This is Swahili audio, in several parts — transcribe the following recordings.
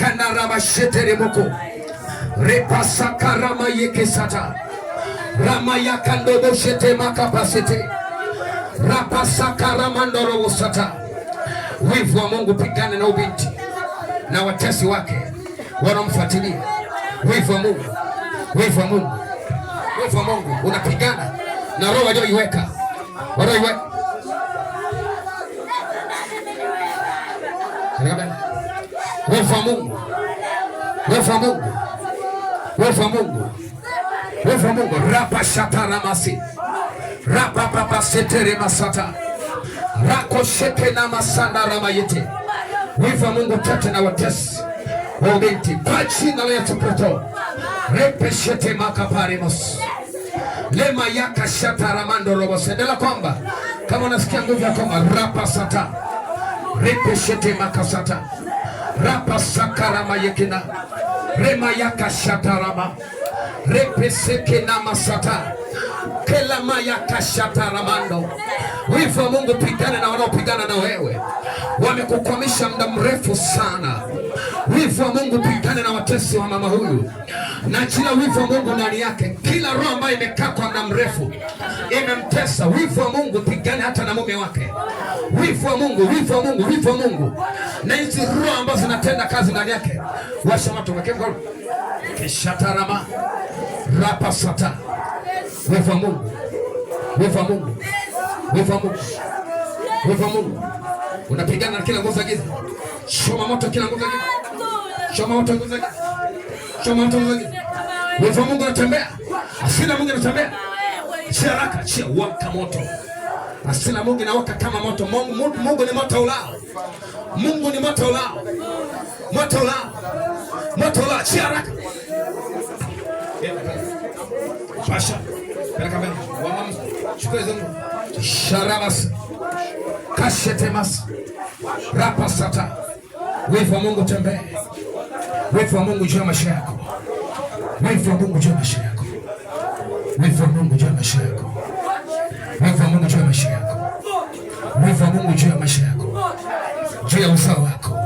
kanarabashetere moko repasaka rama yekesata rama yakandoboshete makapasete rapasaka ramandorowosata. Wivu wa Mungu pigane na ubinti na watesi wake wanamfuatilia. Wivu wa Mungu, wivu wa Mungu, wivu wa Mungu unapigana na roho walioiweka walioiweka Wefa Mungu, wefa Mungu, wefa Mungu, wefa Mungu. Rapa shata ramasi rapa papa setere masata rako shete shataramasi rapapapaseteremasata rakoshetenamasanaramayete wiva Mungu tete na watesi wabinti kwa jina la Yesu Kristo repeshete makaparemos lema yaka shata ramando robo Endelea kwamba kama unasikia nguvu ya kwamba rapa sata repe shete makasata rapasakarama yekena remayakashatarama repesekenamasata kelamayakashataramando wivu wa Mungu, pigane na wanaopigana na wewe, wamekukwamisha muda mrefu sana. Wivu wa Mungu Yesu wa mama huyu, na kila wivu wa Mungu ndani yake. Kila roho ambayo imekaa kwa muda mrefu imemtesa, wivu wa Mungu pigane hata na mume wake. Wivu wa Mungu, wivu wa Mungu, wivu wa Mungu na hizi roho ambazo zinatenda kazi ndani yake, washa watu wake kwa kishatarama rapa sata. Wivu wa Mungu, wivu wa Mungu, wivu wa Mungu, wivu wa Mungu unapigana na kila nguvu za giza. Choma moto kila nguvu za giza. Choma moto nguvu za giza. Choma mtu mwingine. Wewe Mungu anatembea. Asili Mungu anatembea. Chia haraka, chia waka moto. Asili Mungu inawaka kama moto. Mungu Mungu ni moto ulao. Mungu ni moto ulao. Moto ulao. Moto ulao, chia haraka. Pasha. Peleka mbele. Wamama. Chukua hizo. Sharamas. Kashete mas. Rapa sata. Wewe Mungu tembea. Wivu wa Mungu juu ya maisha yako. Wivu wa Mungu juu ya maisha yako. Wivu wa Mungu juu ya maisha yako. Wivu wa Mungu juu ya maisha yako. Wivu wa Mungu juu ya maisha yako. Juu ya uzao wako.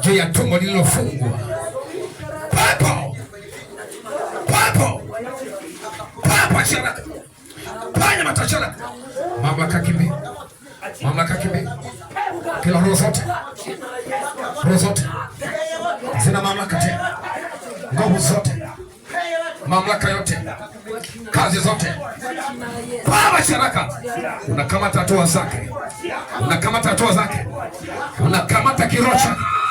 Juu ya tumbo lililofungwa. Papo. Papo. Papo sana. Panya matachana. Mamlaka kimbia. Mamlaka kimbia. Kila roho zote. Roho zote zina mamlaka tena, nguvu zote, mamlaka yote, kazi zote. baba sharaka, unakamata hatua zake, unakamata hatua zake, unakamata kirocha